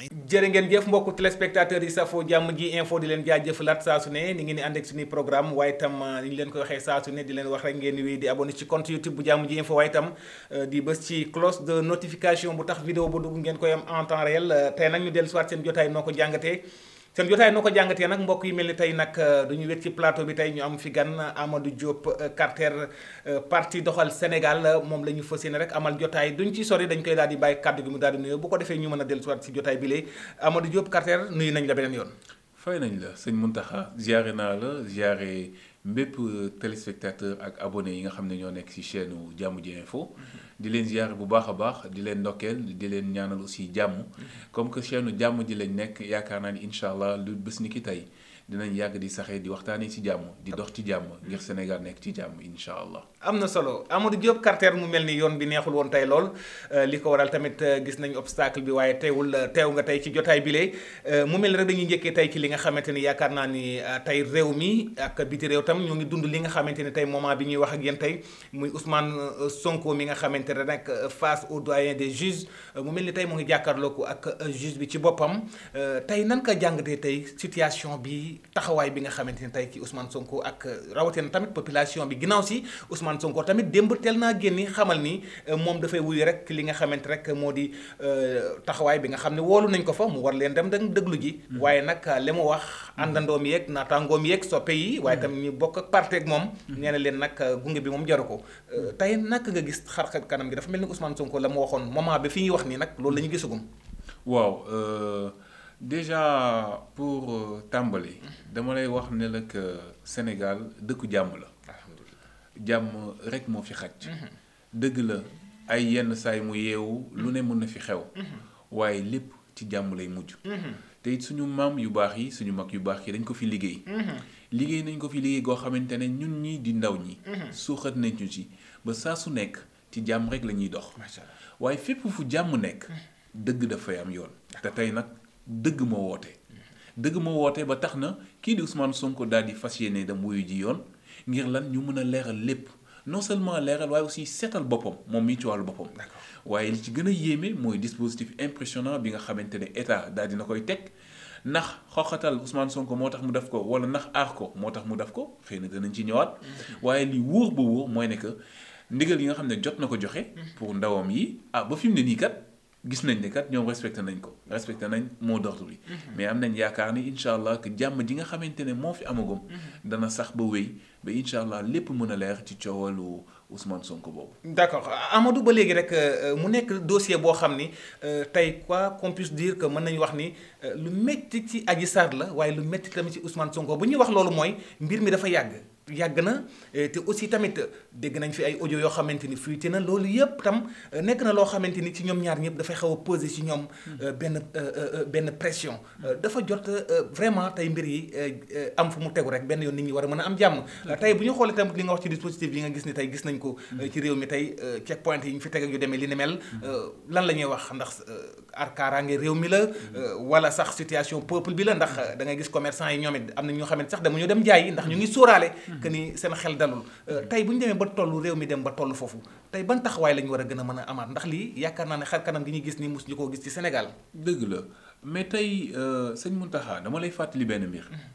jërë ngeen jëf mbokku téléspectateurs yi safo jàmm ji info di leen jaajëfalaat saa su ne ni ngeen di ànd ak suñuy programme waaye tam li euh, ñu leen koy waxee saa su ne di leen wax rek ngeen wéy di abon ci compte youtube bu jàmm ji info waaye tam euh, di bës ci cloche de notification bu tax vidéo bu dugg ngeen koy am en temps réel euh, tey nag ñu dellu si waat seen jotaay noo ko jàngatee seen jotaay noo ko jàngatee nag mbokk yi mel ni tey nag euh, duñu wet ci plateau bi tey ñu am fi gan Amadou Diop euh, Carter euh, parti doxal Sénégal moom la ñu fas yéene rek amal jotaay duñ ci sori dañ koy daal di bàyyi kàddu gi mu daal di nuyoo bu ko defee ñu mën a dellusiwaat si jotaay bi léegi Amadou jóop Carter nuyu nañ la beneen yoon. fay nañ la sëñ Mountakha ziare naa la ziare mbépp euh, téléspectateur ak abonné yi nga xam ne ñoo nekk ci chaîne jàmm ji info mm-hmm. di leen ziare bu baax a baax di leen ndokkeel di leen ñaanal aussi jàmm mm-hmm. comme que chaîne jàmm ji lañ nekk yaakaar naa ni incha allah lu bés ni ki tey dinañ yàgg di saxee di waxtaanee ci jàmm di dox ci jàmm ngir mm-hmm. Sénégal nekk ci jàmm incha allah am na solo Amadou Diop Carter mu mel ni yoon bi neexul woon tey lool euh, li ko waral tamit euh, gis nañu obstacle bi waaye teewul euh, teew nga tey ci jotaay bi lee mu mel ni dañuy njëkkee tey ci li nga xamante ni yaakaar naa ni tey réew mi ak bi di réew tam ñoo ngi dund li nga xamante ni tey moment bi ñuy wax ak yéen tey muy Ousmane Sonko mi nga xamante ne nag face au doyen des juges mu mel ni tey mu ngi jàkkaarloo ak juge bi ci boppam tey nan ka jàngatee tey situation bi taxawaay bi nga xamante ni tey ci Ousmane Sonko ak rawatina tamit population bi ginnaaw si Ousmane Sonko tamit démb teel naa génni xamal ni euh, moom dafay wuyu rek li nga xamante rek moo di euh, taxawaay bi nga xam ne woolu nañ ko fa mu war leen dem dem déglu ji. Mm-hmm. waaye nag euh, li mu wax àndandoom yeeg naataangoom yeeg soppe yi. waaye mm-hmm. tamit ñu bokk ak parti moom. Mm-hmm. nee na leen nag gunge bi moom jaru ko. tey naka nga gis xar xar kanam gi dafa mel ni Ousmane Sonko la mu waxoon moment bi fi ñuy wax nii nag loolu la ñu gisagum. waaw déjà pour tàmbali dama lay wax ne la que Sénégal dëkku jàmm la. jàmm rek moo fi xaj. Mhm. dëgg la ay yenn saay mu yeewu lu ne mën na fi xew. Mhm. waaye lépp ci jàmm lay mujj. Mhm. te it suñu maam yu baax yi suñu mag yu baax yi dañ ko fi liggéey. liggéey nañ ko fi liggéey goo xamante ne ñun ñi di ndaw ñi. suuxat nañ ñu ci su nekk ci jàmm rek lañuy ñuy dox. macha allah waaye fépp fu jàmm nekk. dëgg dafay am yoon. te tey nag dëgg moo woote. dëgg moo woote ba tax na kii di Ousmane Sonko daal di fas yéene dem wuyu ji yoon. ngir lan ñu mën a leeral lépp non seulement leeral waaye aussi seetal boppam moom mii ci wàllu boppam waaye li ci gën a yéeme mooy dispositif impressionnant bi nga xamante ne état daal dina koy teg ndax xoxatal Ousmane Sonko moo tax mu def ko wala ndax aar ko moo tax mu def ko xëy na danañ ci ñëwaat mm-hmm. waaye li wóor ba wóor mooy ne que ndigal yi nga xam ne jot na ko joxe mm-hmm. pour ndawam yi ah ba fi ne nii kat gis nañ ni kat ñoom respecté nañ ko respecté nañ moo d'ordre bi mhm. mais am nañ yaakaar ni incha allah que jàmm ji nga xamante ne moo fi amagum mhm. dana sax ba wéy ba incha allah lépp mën a leer ci coowalu Ousmane Sonko boobu. d'accord Amadou ba léegi rek euh, mu nekk dossier boo xam ni euh, tey quoi qu'on puisse dire mën nañu wax ni euh, lu métti ci Adji sar la waaye lu métti tamit ci Ousmane Sonko bu ñuy wax loolu mooy mbir mi dafa yàgg. yàgg na eh, te aussi tamit dégg nañ fi ay audio yoo xamante ni fuité na loolu yëpp tam eh, nekk na loo xamante ni ci ñoom ñaar ñëpp dafay xaw a posé ñoom hmm. eh, benn benn pression dafa jot vraiment tey mbir yi am fu mu tegu rek benn yoon nit ñi war a mën a am jàmm hmm. tey bu ñu xoolee tamit li nga wax ci dispositif yi nga gis ni tey gis nañ ko hmm. ci réew mi tey check point yi ñu fi teg ak yu demee li ni mel lan la ñuy wax ndax ar kaaraange réew mi la wala sax situation peuple bi la ndax da ngay gis commerçant y ñoom it am na ñoo xamante sax dama ñu dem jaay ndax ñu ngi sóoraale que ni seen xel dalul euh, tey bu ñu demee ba toll réew mi dem ba toll foofu tey ban taxawaay lañu war a gën a mën a amaat ndax lii yaakaar naa ne xar kanam gi ñuy gis nii mosuñu koo gis ci Sénégal. dëgg la mais tey euh, sëñ taxaa dama lay fàttali benn mbir. Mhm.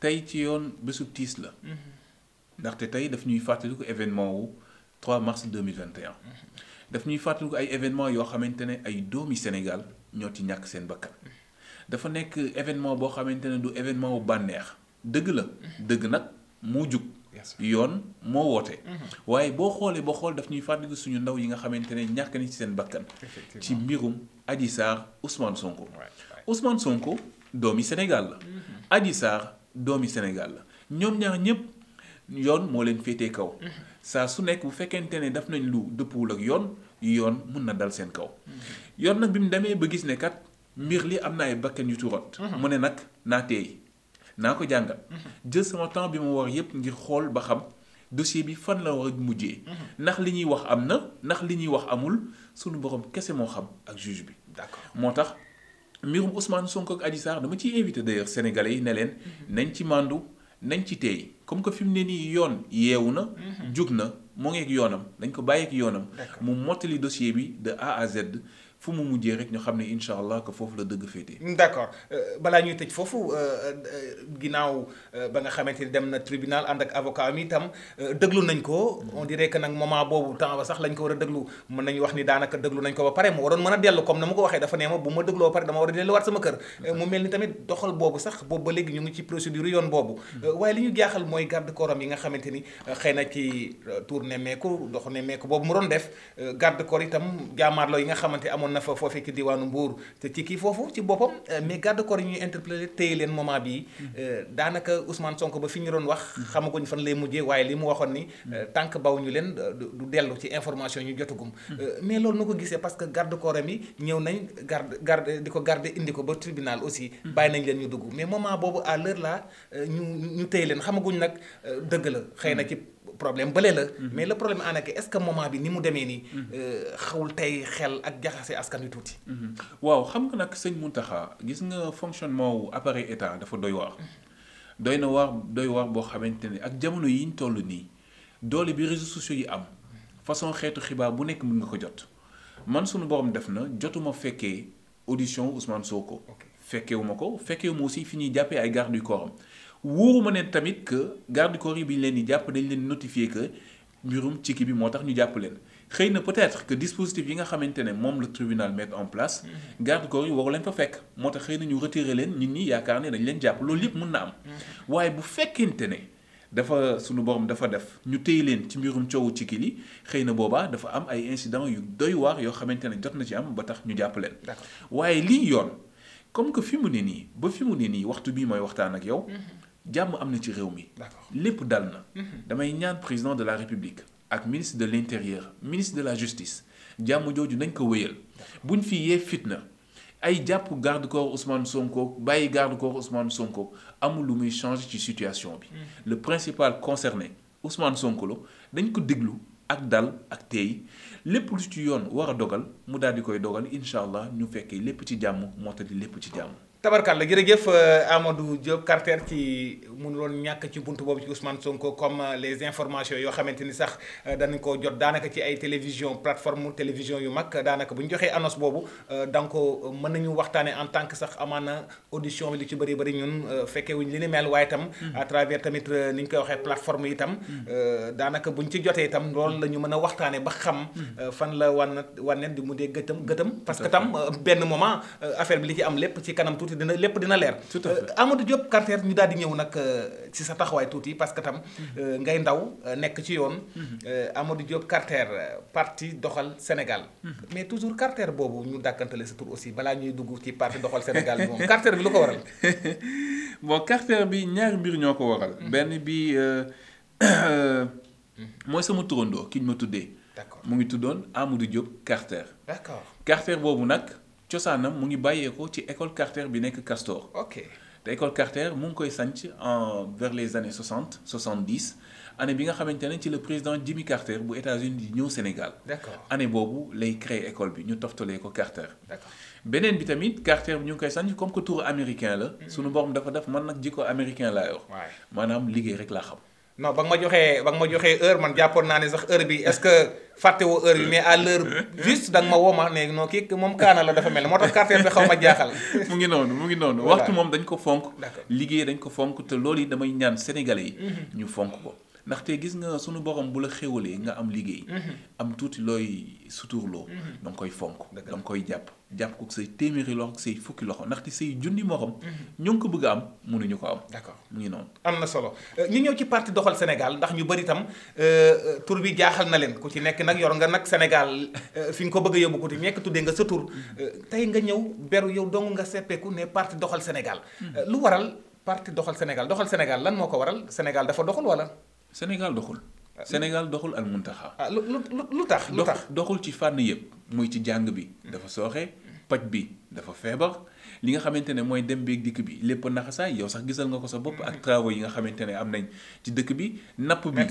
tey ci yoon bésu tiis la. Mhm. ndaxte tey daf ñuy fàttaliku événement wu 3 mars 2021. Mhm. daf ñuy fàttaliku ay événement yoo xamante ne ay doomi Sénégal ñoo ci ñàkk seen bakkan. dafa nekk événement boo xamante ne du événement wu bànneex dëgg la dëgg moo jug. yoon moo woote. Mm-hmm. waaye boo xoolee ba xool daf ñuy fàttali suñu ndaw yi nga xamante ne ñàkk nañ ci seen bakkan. ci mbirum Adji Sarr Ousmane Sonko. Ousmane Sonko doomi Sénégal la. Mm-hmm. Adji Sarr doomi Sénégal la ñoom ñaar ñëpp yoon moo leen féete kaw. Mm-hmm. saa su nekk bu fekkente ne daf nañ lu dëppuwul ak yoon yoon mun na dal seen kaw. yoon nag bi mu demee ba gis ne kat mbir li am na ay bakkan yu turoot mu ne nag naa teey naa ko jàngat. jël sama temps bi mu war yépp ngir xool ba xam dossier bi fan la war a mujjee. ndax li ñuy wax am na ndax li ñuy wax amul sunu borom kese moo xam ak juge bi. d'accord moo tax mbirum Ousmane Sonko ak Adji Sarr dama ci invité d'ailleurs sénégalais yi ne leen. Mhm. nañ ci màndu nañ ci tey comme que fi mu ne nii yoon yeewu na. Mhm. jug na. moo ngi ak yoonam dañ ko bàyyi ak yoonam. mu mottali dossier bi de A à Z. fu mu mujjee rek ñu xam ne incha allah ko foofu la dëgg féetee. Mm, d' accord euh, balaa ñuy tëj foofu euh, euh, ginnaaw ba nga xamante ni dem na tribunal ànd ak avocat mi itam dëglu nañ ko. Mm-hmm. on dirait que nag moment boobu temps ba ko a dëglu mën nañu wax ni daanaka dëglu nañ ko ba pare mu waroon mën a dellu comme na ma ko waxee dafa nee ma bu ma dëgloo pare dama war a delluwaat sama kër. Mm-hmm. mu mel ni tamit doxal boobu sax boobu ba léegi ñu ngi ci procédure yoon boobu. Mm-hmm. waaye li ñu jaaxal nga xamante ni xëy na ci parcours nemmeeku dox nemmeeku boobu mu doon def euh, garde corps itam jaamaarloo yi nga xamante amoon na fa foo fekk diwaanu mbuur te ci kii foofu ci boppam euh, mais garde corps yi ñuy interpellé téye leen moment bii mm-hmm. euh, daanaka Ousmane Sonko ba fi ñu doon wax mm-hmm. xamaguñ fan lay mujjee waaye li mu waxoon ni tànk baw ñu leen du dellu ci information ñu jotagum mm-hmm. mais loolu nu ko gisee parce que garde corps am yi ñëw nañ garde garde di ko garde indi ko ba tribunal aussi bàyyi nañ leen ñu dugg mais moment boobu à l'heure là ñu ñu téye leen xamaguñ nag dëgg la xëy na ci problème bële la. Mhm. mais le problème en est-ce que moment bi ni mu demee nii. Mhm. Euh, xawul tey xel ak jaxase askan wi tuuti. Mhm. waaw xam nga nag sëñ taxa gis nga fonctionnement wu appareil état dafa doy waar. doy na waar doy waar boo xamante ne ak jamono yi ñu toll nii doole bi réseaux sociaux yi am façon xeetu xibaar bu nekk mën nga ko jot man suñu borom def na jotuma fekkee audition Ousmane Sonko. fekkewu ma ko fekkewu ma aussi fi ñuy jàppee ay garde du corps wóoru ma ne tamit que garde corps yi bi ñu leen di jàpp dañ leen notifier que mbirum ciki bi moo tax ñu jàpp leen xëy na peut-être que dispositif yi nga xamante ne moom la tribunal mettre en place mm-hmm. garde corps yi waru leen fa fekk moo tax xëy na ñu retirer leen nit ñi yaakaar ne dañ leen jàpp loolu yëpp mën na am mm-hmm. waaye bu fekkente ne dafa sunu borom dafa def ñu téye leen ci mbirum coowu ci kii li xëy na boobaa dafa am ay incidents yu doy waar yoo xamante ne jot na ci am ba tax ñu jàpp leen. waaye lii yoon comme que fi mu ne nii ba fi mu ne nii waxtu bii mooy waxtaan ak yow. Mm-hmm. jàmm am na ci réew mi. lépp dal na. Mhm. damay ñaan président de la république ak ministre de l' intérieur ministre de la justice jàmm jooju nañ ko wéyal buñ fi yee fitna ay jàpp garde corps Ousmane Sonko bàyyi garde corps Ousmane Sonko amul lu muy change ci situation bi. Mhm. le principal concerné Ousmane Sonko la dañ ko déglu ak dal ak tey lépp lu ci yoon war a dogal mu daal di koy dogal incha allah ñu fekkee lépp ci jàmm mottali lépp ci jàmm. tabarkàlla jërëjëf euh, Amadou Diop Carter ci mënuloon ñàkk ci bunt boobu ci Ousmane Sonko comme euh, les informations yoo xamante ni sax euh, danañ ko jot daanaka ci ay télévision plateforme télévision yu mag daanaka bu ñu joxee annonce boobu donc mën nañu waxtaanee en tant que sax amaana audition bi li ci bëri bëri ñun fekkee wuñ li ni mel waaye itam. Mm-hmm. à travers tamit ni ñu koy waxee plateforme yi itam. Mm-hmm. daanaka buñ ci jotee itam loolu la ñu mën a waxtaanee ba xam. Mm-hmm. fan la wan wan di mu dee gëtëm gëtëm. parce que tam benn moment affaire li ci am lépp ci kanam tuuti lépp dina leer. Euh, Amadou Diop Carter ñu daal di ñëw nag euh, ci sa taxawaay tuuti parce que tam. Mhm. Euh, ngay ndaw nekk ci yoon. Mhm. Amadou Diop Carter parti doxal Sénégal. Mhm. mais toujours Carter boobu ñu dàkkantale sa tur aussi balaa ñuy dugg ci parti doxal Sénégal moom Carter bi lu ko waral. bon Carter bi ñaari mbir ñoo ko waral. benn bi mooy sama turandoo ki ñu ma tuddee. mu ngi tuddoon Amadou Diop Carter. d'accord Carter boobu nag. cosaanam mu ngi bàyyeekoo ci école Carter bi nekk Castor. ok te école Carter mu ngi koy sanc en vers les années 60 70 année bi nga xamante ne ci le président Jimmy Carter bu États-Unis di ñëw Sénégal. d'accord année boobu lay créer école bi ñu toftalee ko Carter. beneen bi tamit Carter bi ñu ngi koy sanc comme que tour américain la. Mm-hmm. sunu borom dafa def man nag jikko américain laa yor. maanaam liggéey rek laa xam. non ba nga ma joxee ba nga ma joxee heure man jàppoon naa ne sax heure bi est-ce que fàtte woo heure bi mais à l'heure juste da nga ma woo ma ne non kii moom kaana dafa mel moo tax quartier bi xaw ma jaaxal. mu ngi noonu mu ngi noonu. waxtu moom dañ ko fonk. liggéey dañ ko fonk te loolu yi damay ñaan sénégalais yi. Mhm. ñu fonk ko. ndaxte gis nga sunu borom bu la xéwalee nga am liggéey. Mm-hmm. am tuuti looy suturloo. Mm-hmm. da nga koy fonk da nga koy jàpp jàpp ko say téeméeri loxo say fukki loxo ndaxte say junni morom. Mm-hmm. ñoo ngi ko bëgg am mënuñu ko am. d'accord mu ngi noonu. am na solo euh, ñu ñëw ci parti doxal Sénégal ndax ñu bari tam euh, euh, tur bi jaaxal na leen ku ci nekk nag yor nga nag Sénégal fi nga ko bëgg a yóbbu ku ci nekk tuddee nga sa tur. tey nga ñëw beru yow dong nga seppeeku ne parti doxal Sénégal. lu waral parti doxal Sénégal doxal Sénégal lan moo ko waral Sénégal dafa doxal wala Sénégal doxul. Ah, Sénégal doxul al muntaxa. Ah, lu lu tax lu tax doxul ci fànn yëpp muy ci jàng bi. dafa sooxe paj bi dafa feebar li nga xamante ne mooy dem beeg dikk bi lépp naxasaay yow sax gisal nga ko sa bopp. ak mm-hmm. travaux yi nga xamante ne am nañ ci dëkk bi napp bi.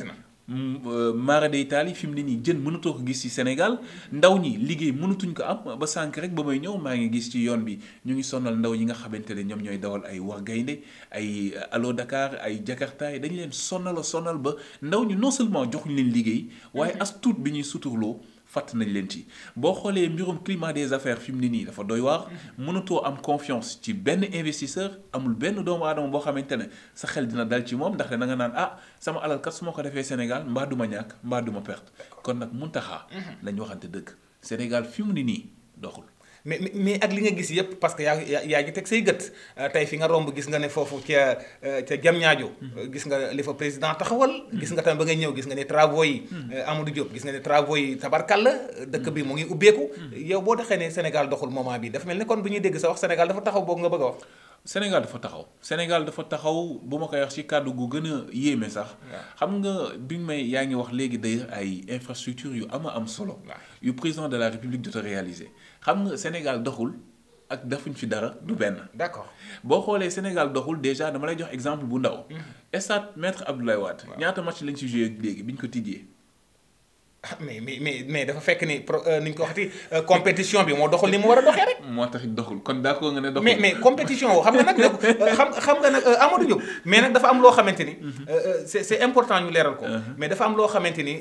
maara day taali fi mu ne nii jën mënatoo ko gis ci Sénégal ndaw ñi liggéey mënatuñ ko am ba sànk rek ba may ñëw maa ngi gis ci yoon bi ñu ngi sonal ndaw ñi nga xamante ne ñoom ñooy dawal ay wax gaynde ay euh, Allo Dakar ay jakartaay dañu leen sonal sonal ba ndaw ñi non seulement joxuñ leen liggéey waaye mm-hmm. as bi ñuy suturloo fàtt nañ leen ci boo xoolee mbirum climat des affaires fi mu ne nii dafa doy waar mm-hmm. mënatoo am confiance ci benn investisseur amul benn doomu aadama boo xamante ne sa xel dina dal ci moom ndax ne nanga naan ah sama alal kat su ma ko defee Sénégal mbaa du ma ñàkk mbaa du ma perte kon nag taxaa mm-hmm. nañ waxante dëkk Sénégal fi mu ne nii doxul. mais mais ak li nga gis yëpp parce que yaa yaa ngi teg say gët euh, tey fi nga romb gis nga ne foofu ca euh, ca jam ñaajo mm-hmm. euh, gis nga li fa président taxawal mm-hmm. gis nga tam ba ngay ñëw gis nga ne travaux yi mm-hmm. Amadou Diop gis nga ne travaux yi tabarkal la dëkk bi mu ngi ubbeeku yow boo taxee ne Sénégal doxul moment bi dafa mel ni kon bu ñu dégg sa wax Sénégal dafa taxaw boog nga bëgg a wax Sénégal dafa taxaw Sénégal dafa taxaw bu ma koy wax ci kàddu gu gën a yéeme sax xam nga bi ñu may yaa ngi wax léegi day ay infrastructure yu ama am solo yu président de la République jot xam nga Sénégal doxul ak defuñ fi dara du benn. d'accord boo xoolee Sénégal doxul déjà dama lay jox exemple bu ndaw. Mhm. stade maître Abdoulaye Wade. ñaata match lañ ci joué léegi ñu ko tijjee. Ah, mais mais mais dafa fekk ni pro euh, euh, ni mu war a doxee rek. moo tax doxul kon d'accord nga ne doxul. mais mais compétition woo xam nga nag euh, xam xam nga xamante ni. Mhm. c'est c'est important ñu leeral ko. Mhm. mais dafa am loo xamante ni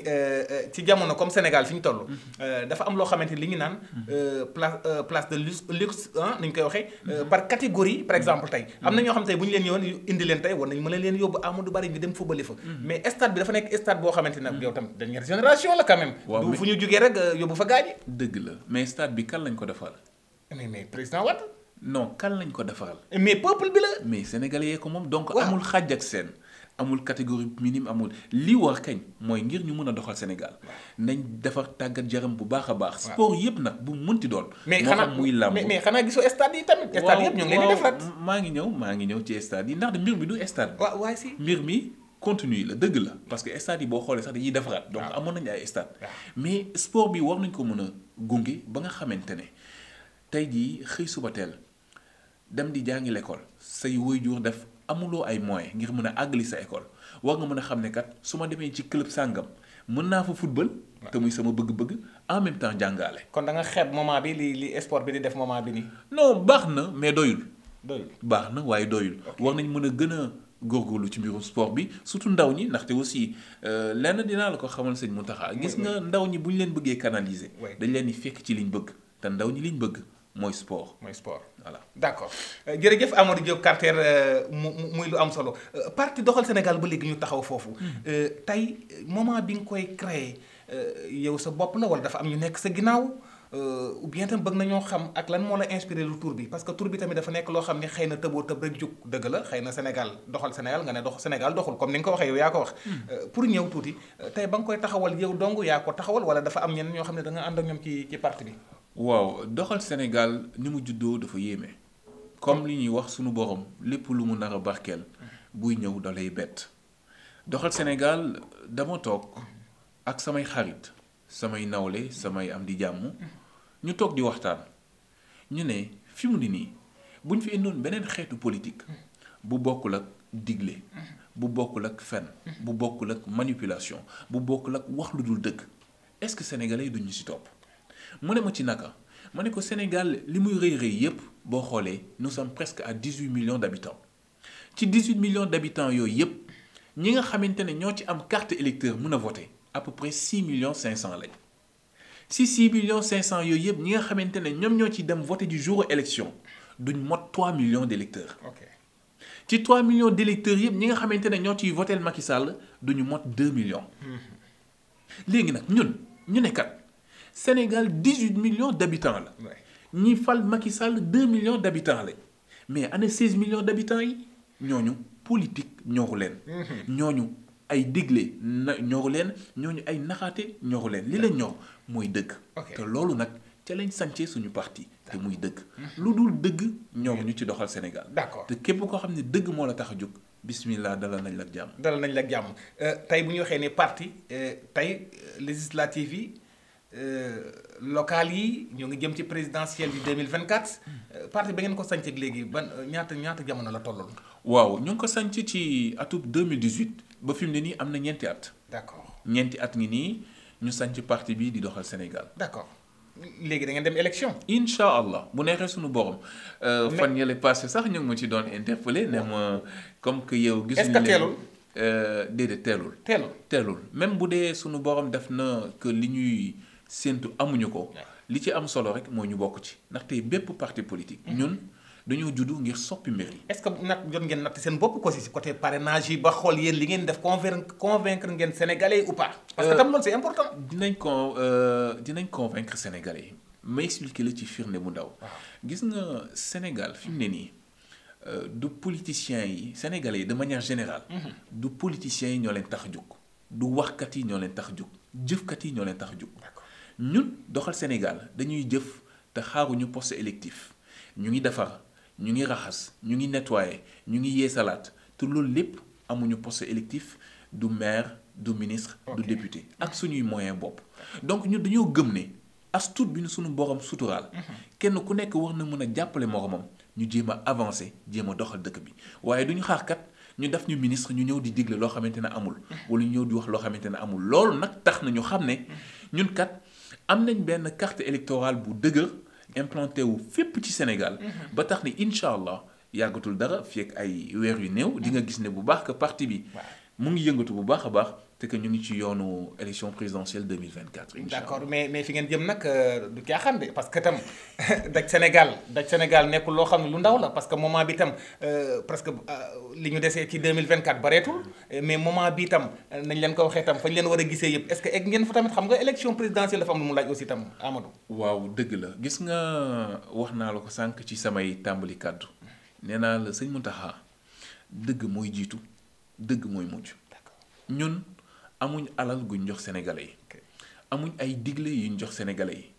jamono comme Sénégal fi ñu toll. Mhm. dafa loo xamante ni naan. place place de luxe luxe leen yoon indi leen tey war nañu mën a leen yóbbu Amadou Bari ñu dem fubali fa. mais stade bi dafa nekk stade boo xamante nag yow tam dernière génération la. quand même. ñu jugee rek euh, yóbbu fa gaañi. dëgg la mais stade bi kan lañ ko defal. mais mais président Wade. non kan lañ ko defal. mais peuple bi la. mais sénégalais yee ko moom donc. amul xàjj ak seen. amul catégorie minime amul li war kañ mooy ngir ñu mën a doxal Sénégal nañ defar tàggat jaram bu baax a baax. sport yëpp nag bu munti doon. mais xanaa muy làmb mais xanaa gisoo stade yi tamit. stade yëpp ñu ngi leen di defaraat maa ngi ñëw maa ngi ñëw ci stade yi ndax mbir mi du stade. bi mbir mi. continue la dëgg la parce que stade yi boo xoolee sax dañuy defaraat. donc ah. amoon nañu ay stade ah. mais sport bi war nañ ko mën a gunge ba nga xamante ne tey jii xëy suba teel dem di jàngi l'école say waajur def amuloo ay moyens ngir mën a àggali sa école war nga mën a xam ne kat su ma demee ci club sàngam mën naa fa football. te muy sama bëgg-bëgg en même temps jàngaale. kon da nga xeeb moment bi li li sport bi di def moment bi nii. non baax na mais doyul. doyul baax na waaye doyul. war nañ mën a gën a. góorgóorlu ci mbirum sport bi surtout ndaw ñi ndaxte aussi euh, lenn dinaa la ko xamal sëñ Mountakha gis nga ndaw ñi bu ñu leen bëggee canaliser dañ leen di fekk ci liñ bëgg te ndaw ñi liñ bëgg mooy sport mooy sport voilà d' accord euh, jërëjëf Amadou Diop Carter euh, mu muy lu am solo parti doxal Sénégal ba léegi ñu taxaw foofu hmm. tey moment bi nga koy créer yow sa bopp na wala dafa am ñu nekk sa ginnaaw Euh, ou bien tam bëgg nañoo xam ak lan moo la inspiré lu tur bi parce que tur bi tamit dafa nekk loo xam ne xëy na tëboo tëb rek jug dëgg la xëy na doxal Sénégal nga ne dox Sénégal doxul comme ni nga ko waxee yow hmm. euh, euh, tey ba nga koy taxawal yow dong yaa ko taxawal wala dafa am ñeneen ñoo xam ne da nga ànd ak ñoom ci ci parti bi waaw doxal Sénégal ni mu juddoo dafa yéeme comme li ñuy wax suñu borom lépp lu mu nar a barkeel buy ñëw dalay bett doxal Sénégal dama toog ak samay xarit samay nawle samay am di jàmm ñu toog di waxtaan ñu ne fi mu ni nii bu fi indoon beneen xeetu politique bu bokkul ak digle bu bokkul ak fen bu bokkul ak manipulation bu bokkul ak wax lu dul dëkk est-ce que sénégalais yi duñu ci topp mu ne ma ci naka ma ne ko Sénégal li muy rëy rëy yépp boo xoolee nous sommes presque à dix-huit millions d'habitants ci dix-huit millions d'habitants yooyu yépp ñi nga xamante ne ñoo ci am carte électeur mun a voter à peu près six millions cinq cent lañ si six millions cinq cent yooyu yëpp ñi nga xamante ne ñoom ñoo ci dem voté du jour élection duñ mot trois millions délecteurs électeurs. ci trois millions d' électeurs yëpp ñi nga xamante ne ñoo ci voté Macky Sall duñu mot deux millions. Mm-hmm. léegi nag ñun ñu ne kat Sénégal dix huit millions d' habitants la. ñi fal Macky Sall deux millions d' habitants lañ mais ana seize millions d' habitants yi ñu politique ñoru leen. Mm-hmm. ñooñu. ay digle na ñoru leen ñooñu ay naxaate ñoru leen li la ñor mooy dëgg te loolu nag ca lañ sancee suñu parti te muy dëgg mhm. lu dul dëgg ñoru ñu ci doxal Sénégal d'accord te képp koo xam ne dëgg moo la tax a jóg bismillah dalal nañ la jàmm dalal nañ la jàmm euh, tey bu ñu waxee ne parti euh, tey euh, législative yi local yi ñoo ngi jëm ci présidentielle bi 2024 parti ba ngeen ko sanc ak léegi ban ñaata ñaata jamono la tolloon waaw ñu ngi ko sanc ci atub 2018 ba fi mu ne nii am na ñeenti at. d'accord ñeenti at ngi nii ñu sanc parti bi di doxal Sénégal. d'accord léegi da dem élection. incha allah bu neexee suñu borom. Euh, fan yële passé sax ñu ngi ma ci doon interpellé nee ma comme que yow. gisuñu leen est-ce que teelul. Euh, déedéet teelul. teelul teelul même bu dee suñu borom def na que li ñuy séentu amuñu ko. li ci am solo rek moo ñu bokk ci ndaxte bépp parti politique mm-hmm. ñun. dañoo juddu ngir soppi mbir yi. est-ce que nag jot ngeen natt seen bopp ko si côté parrainage yi ba xool yéen li ngeen def convaincre convaincre ngeen sénégalais ou pas. parce que euh, tam loolu c'est important. dinañ con euh, dinañ convaincre sénégalais yi ma expliquer la ci firnde bu ndaw. Ah. gis nga Sénégal fi mu ne nii euh, du politiciens yi sénégalais yi de manière générale. Mhm. du politiciens yi ñoo leen tax jóg. du waxkat yi ñoo leen tax jóg jëfkat yi ñoo leen tax jóg. ñun doxal Sénégal dañuy jëf te xaaruñu poste électif ñu ngi defar. ñu ngi raxas ñu ngi nettoyer ñu ngi yeesalaat te loolu lépp amuñu poste électif du maire du ministre du député ak suñuy moyen bopp donc ñu dañoo gëm ne as bi ñu suñu borom suturaal mhm. kenn ku nekk war na mën a jàppale moromam ñu jéem a avancer jéem a doxal dëkk bi waaye duñu xaar kat ñu def ñu ministre ñu ñëw di digle loo xamante ne amul mhm. wala ñu ñëw di wax loo xamante ne amul loolu nag tax na ñu xam ne mhm. ñun kat am nañ benn carte électorale bu dëgër implanté wu fépp ci Sénégal. Mhm. ba tax ni incha allah yàggatul dara fii ak ay weer yu néew. di nga gis ne bu baax que parti bi. mu ngi yëngatu bu baax a baax. te que ñu ngi ci yoonu élection présidentielle 2024. incha allah d' accord mais mais fi ngeen jëm nag euh, du caaxaan de parce que tam daj Sénégal daj Sénégal nekk loo xam ne lu ndaw la parce que moment bi tam euh, presque euh, li ñu desee ci 2024 bareetul mais moment bi tam nañ leen ko waxee tam fañ leen war a gisee yëpp est ce que egg ngeen fa tamit xam nga élection présidentielle dafa am lu mu laaj aussi tam Amadou. waaw dëgg la gis nga wax naa la ko sànq ci samay tàmbali kàddu nee naa la sëñ Mountakha dëgg mooy jiitu dëgg mooy mujj amuñ alal guñ jox sénégalais yi amuñ ay digle yu yuñ jox sénégalais yi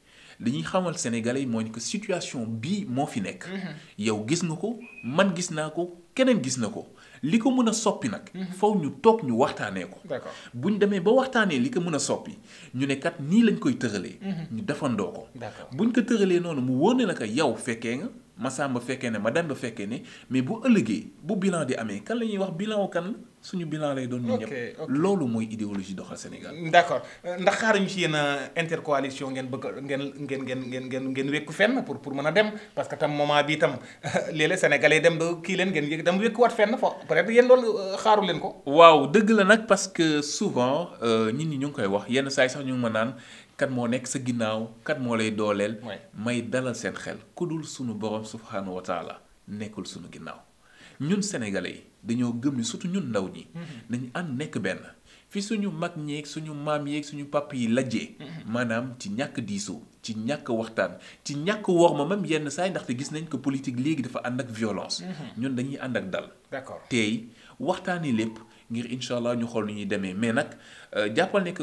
li ñuy xamal sénégalais yi moo ni ko situation bii moo fi nekk. Mhm. yow gis nga ko man gis naa ko keneen gis na ko li ko mën a soppi nag. Mhm. faw ñu toog ñu waxtaanee ko. d'accord buñ demee ba waxtaanee li ko mën a soppi ñu ne kat nii lañ koy tëralee. Mhm. ñu defandoo ko. buñ ko tëralee noonu mu wóor na la que yow fekkee nga. Massamba fekkee ne Mademba fekkee ne mais bu ëllëgee bu bilan di amee kan la ñuy wax bilan kan la suñu bilan lay doon. ok ñëpp loolu mooy idéologie doxal Sénégal. d' accord ndax xaaruñu ci yéen intercoalition ngeen bëgg ngeen ngeen ngeen ngeen ngeen ngeen wékku fenn pour pour mën a dem parce que tam moment bi tam léeg-léeg dem ba kii leen ngeen yëg dem wékkuwaat fenn fa peut être yéen loolu euh, xaaru leen ko. waaw dëgg la nag parce que souvent euh, nit ñi ñu ngi koy wax yenn saa yi sax ñu ma naan kan moo nekk sa ginnaaw kan moo lay dooleel. may dalal seen xel ku dul sunu borom subxanahu wa taala nekkul sunu ginnaaw ñun sénégalais dañoo gëm ni surtout ñun ndaw ñi. Mhm. nañu ànd nekk benn. fi suñu mag ñeeg suñu maam yeeg suñu papa yi lajjee. Mhm. maanaam ci ñàkk diisoo ci ñàkk waxtaan ci ñàkk woor ma yenn saa yi ndaxte gis nañ ko politique léegi dafa ànd ak violence. Mhm. ñun dañuy ànd ak dal. d'accord tey waxtaani lépp ngir incha ñu xool nu ñuy demee mais nag euh, jàppal ne que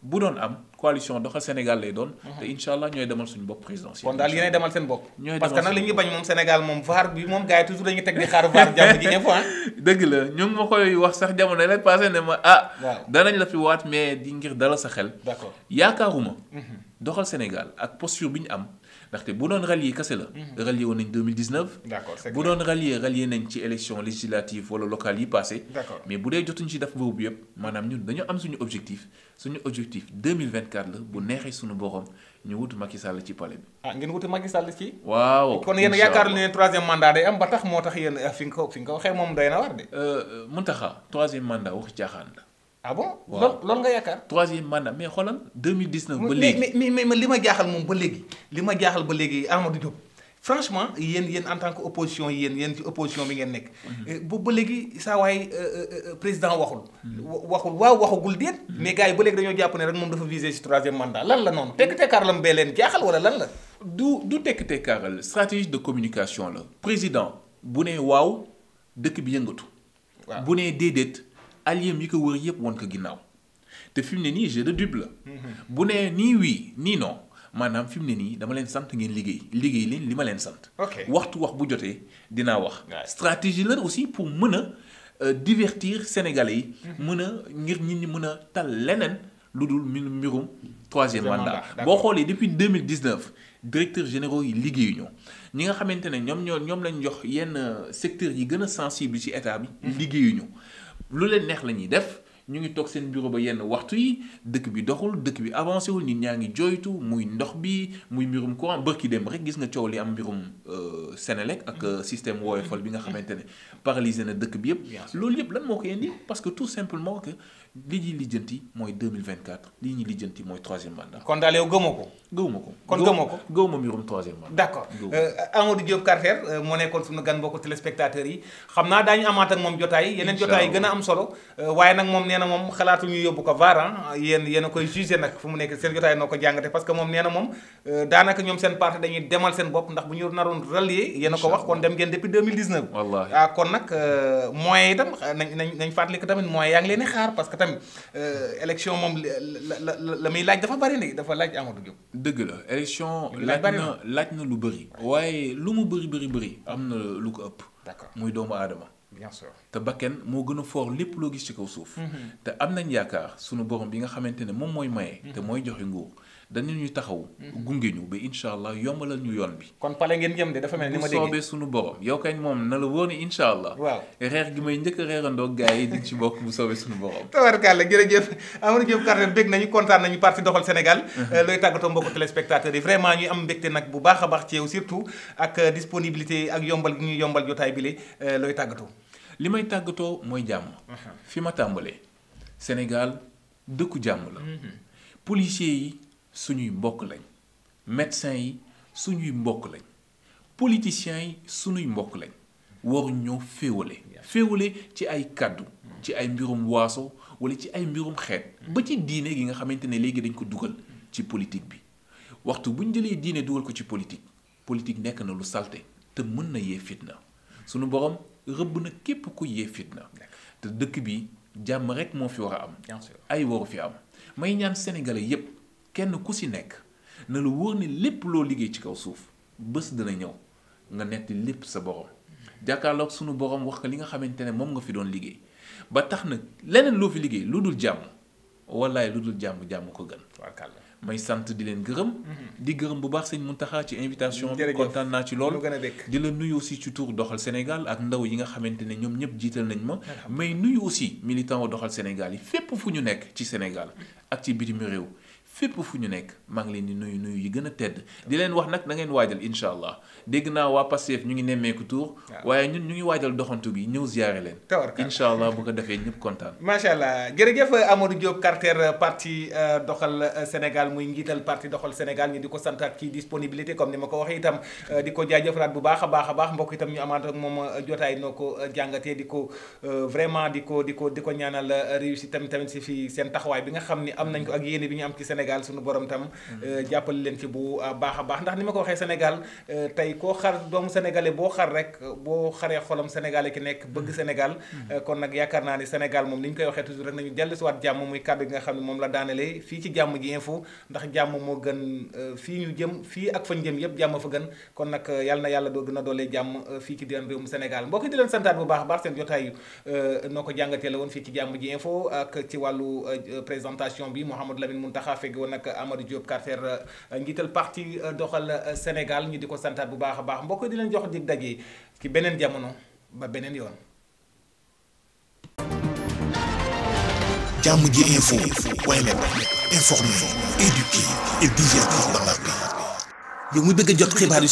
bu doon am coalition doxal Sénégal lay doon. te mhm. incha allah ñooy demal suñu bopp présidentiel. kon daal yéenay demal seen bopp. ñooy demal parce que nag li bañ moom Sénégal moom vaar bi moom gars yi toujours dañuy teg di xaar vaar jàmm ji info ah. dëgg la ñu ngi ma koy wax sax jamono lay passé ne ma ah. danañ la fi waat mais di ngir dalal sa xel. d'accord yaakaaruma. Mhm. doxal Sénégal ak posture bi ñu am. ndaxte bu doon rallier kase la. Mhm. rallier woon nañ 2019. d'accord c'est bu doon rallier rallier nañ ci élection législative wala locale yi passé. mais bu dee jotuñ ci def boobu yëpp maanaam ñun dañoo am suñu objectif suñu objectif 2024 la bu neexee suñu borom ñu wut Macky Sall ci palais bi. ah ngeen wuti Macky Sall ci. waaw kon yéen yaakaar ne troisième mandat day am ba tax moo tax yéen fi nga fi nga waxee moom day na war de. Euh, Mountakha troisième mandat wax caaxaan ah bon waaw loolu nga yaakaar. troisième mandat mais xoolal 2019. ba léegi mais mais mais li ma jaaxal moom ba léegi li ma jaaxal ba léegi Amadou Diop franchement yéen yéen en tant que opposition yéen yéen ci opposition bi ngeen nekk. Mm-hmm. Eh, boobu ba léegi saa waay euh, euh, euh, président waxul. Mm-hmm. waxul waaw waxagul déet. Mm-hmm. mais gaa yi ba léegi dañoo jàpp ne rek moom dafa visé ci troisième mandat lan la noonu. tekk tekkaaram bee leen jaaxal wala lan la. du du tekk tekkaaral stratégie de communication la. président bu nee waaw dëkk bi yëngatu. bu nee alliés yi ko wër yëpp woon ko ginnaaw te fi mu ne nii jeu de dupe la. bu nee nii wii nii non maanaam fi mu ne nii dama leen sant ngeen liggéey liggéey leen li ma leen sant. waxtu wax bu jotee dinaa wax. stratégie la aussi pour mën a euh, divertir sénégalais yi. Mhm. mën a ngir nit ñi mën a tal leneen lu dul mbirum troisième mandat boo xoolee depuis 2019 directeurs généraux yi liggéeyuñu ñi nga xamante ne ñoom ñoo ñoom lañ jox yenn euh, secteurs yi gën a sensible ci état bi mhm. liggéeyuñu. lu leen neex la ñuy def ñu ngi toog seen bureau ba yenn waxtu yi dëkk bi doxul dëkk bi avancé wul nit ñaa ngi jooytu muy ndox bi muy mbirum courant bërki dem rek gis nga coow li am mbirum euh, Senelec ak euh, système Woyofal bi nga xamante ne paralysé na dëkk bi yëpp. loolu yëpp lan moo ko indi parce que tout simplement que. li ñuy lijjanti mooy 2024 li kon daal yow gëmoo ko. gëwuma ko kon ko gëwuma mbirum troisième mandat. d' accord euh, Amadou Diop Carter euh, moo jotaay. yeneen jotaay yi gën a am solo. Euh, waaye nag moom nee na moom xalaatu ñu yóbbu ko VAR ah. yéen yéen a koy jugé nag fu mu nekk seen jotaay noo ko jàngate parce que moom nee moom daanaka ñoom seen parti dañuy demal seen bopp ndax bu ñu naroon rallier yéen ko wax kon dem ngeen depuis 2019. wallaahi ah kon nag moyens yi tam tamit euh, élection moom la la may laaj dafa bari léegi dafa laaj Amadou Diop. dëgg la élection. laaj na laaj na lu bëri. waaye lu mu bëri bëri bëri am na lu ko ëpp. d'accord muy doomu aadama. te bakken moo gën a foor lépp loo gis ci kaw suuf mhm. te am nañ yaakaar sunu borom bi nga xamante ne moom mooy maye te mhm. mooy joxe nguur dañu ñu taxaw mhm. gunge ñu ba incha allah yombalal ñu yoon bi kon pale ngeen jëm de dafa ni ma dégg soobee sunu borom yow kañ moom na incha allah waaw reer gi may njëkk a reerandoo gars yi ci bokk bu soobee sunu borom tabarkàlla jërëjëf Amadou Diop Karbet bég nañu kontaan nañu parti doxal Sénégal euh, looy tàggatoo mbokku téléspectateurs yi vraiment ñuy am mbégte nag bu baax a baax ci yow ak euh, disponibilité ak yombal gi ñuy yombal jotaay bi euh, looy tàggatoo li may tàggatoo mooy jàmm. Uh-huh. fi ma tàmbalee Sénégal dëkku jàmm la. Mm-hmm. policiers yi suñuy mbokk lañ. médecins yi suñuy mbokk lañ. politiciens yi suñuy mbokk lañ. waruñ ñoo féewale. féewale ci ay kàddu. Mm. ci ay mbirum waaso wala ci ay mbirum xeet. Mm. ba ci diine gi nga xamante ne léegi dañ ko dugal ci politique bi waxtu bu ñu jëlee diine dugal ko ci politique politique nekk na lu salte te mën na yee fitna sunu borom. rëbb na képp ku yee fitna. te dëkk bi jàmm rek moo fi war a am. ay waru fi am may ñaan sénégalais yépp kenn ku si nekk na lu wóor ni lépp loo liggéey ci kaw suuf bés dana ñëw nga netti lépp sa borom. Mm-hmm. jàkkaarloog sunu borom wax nga li nga xamante ne moom nga fi doon liggéey ba tax na leneen loo fi liggéey lu dul jàmm wallaay lu dul jàmm jàmm ko gën. may sant di leen gërëm. Mhm. di gërëm bu baax sëñ Mountakha ci invitation bi kontaan naa ci lool di la nuyu aussi ci tur doxal Sénégal ak ndaw yi nga xamante ne ñoom ñëpp jiital nañ ma. may nuyu aussi militant doxal Sénégal yi fépp fu ñu nekk ci Sénégal ak ci bitim réew. fépp fu ñu nekk maa ngi leen di nuyu nuyu yi gën a tedd di leen wax nag da ngeen waajal incha allah dégg naa waa Pastef ñu ngi nemmeeku tour waaye ñun ñu ngi waajal doxantu bi ñëw ziyaare leen incha allah bu ko defee ñëpp kontaan macha allah jërëjëf Amadou Diop Carter parti euh, doxal euh, Sénégal muy njiital parti doxal Sénégal ñu di ko santaat ci disponibilité comme ma ko waxee itam euh, ko jaajëfalaat bu baax a baax a baax mbokk itam ñu amaat ak moom jotaay noo ko jàngatee di ko vraiment di ko di ko di ko ñaanal réussite tamit tamit si fii seen taxawaay bi nga xam ni am nañ ko ak yéene bi ñu am ci seen Sénégal suñu borom tam euh, jàppale leen ci bu euh, baax a baax ndax ni ma ko waxee Sénégal euh, tey koo xar doomu sénégalais boo xar rek boo xaree xolam sénégalais ki nekk bëgg Sénégal mm-hmm. kon nag yaakaar naa ni Sénégal moom ni ñu koy waxee toujours rek nañu dellu si waat jàmm muy kàddu gi nga xam ne moom la daanale fii ci jàmm ji info moo gën fii ñu jëm fii ak fañ jëm yépp jàmm fa gën kon nag yal na yàlla doo gën a doolee jàmm fii ci bi réewum Sénégal mbokk di leen santaat bu baax baax seen jotaay noo ko jàngatee la woon fii ci jàmm ji info ak ci wàllu présentation bi Mouhamadou gi woon nag Amadou Diop Carter euh, njiital parti euh, doxal euh, Sénégal ñu di ko santaat bu baax a baax mbokk di leen jox di daje ci beneen jamono ba beneen yoon. jàmm ji info waaye nag informer, éduquer et divertir dans la a jot xibaar yu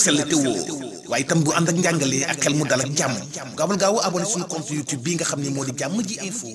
jàmm gaawal gaaw abonné suñu compte YouTube bii nga xam ne moo di jàmm ji info.